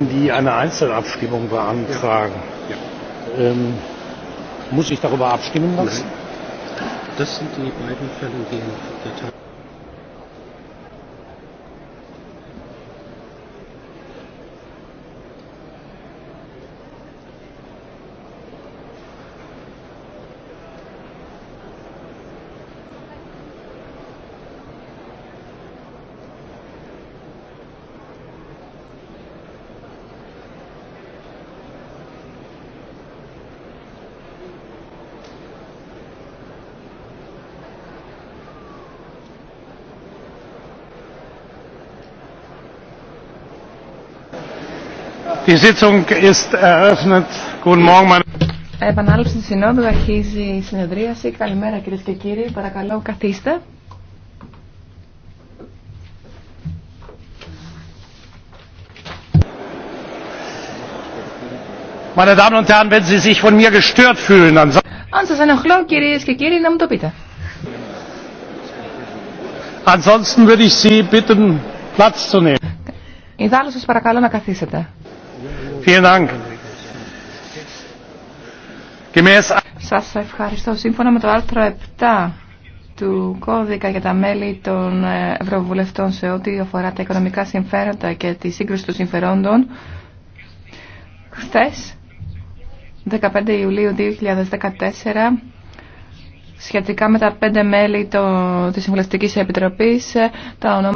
die eine Einzelabstimmung beantragen. ja. Ähm, Muss ich darüber abstimmen lassen? Das sind die beiden Fälle, in der der Η Sitzung ist eröffnet. Συνόδου, αρχίζει συνεδρίαση. Καλημέρα κυρίες και κύριοι, παρακαλώ καθίστε. Αν σας ενοχλώ κυρίες και κύριοι, να μου το πείτε. Ansonsten würde ich Sie bitten, Platz zu nehmen. σας παρακαλώ να καθίσετε. Vielen Σας ευχαριστώ. Σύμφωνα με το άρθρο 7 του κώδικα για τα μέλη των ε, Ευρωβουλευτών σε ό,τι αφορά τα οικονομικά συμφέροντα και τη σύγκρουση των συμφερόντων, χθες, 15 Ιουλίου 2014, σχετικά με τα πέντε μέλη της Συμβουλευτικής Επιτροπής, ε, τα ονόματα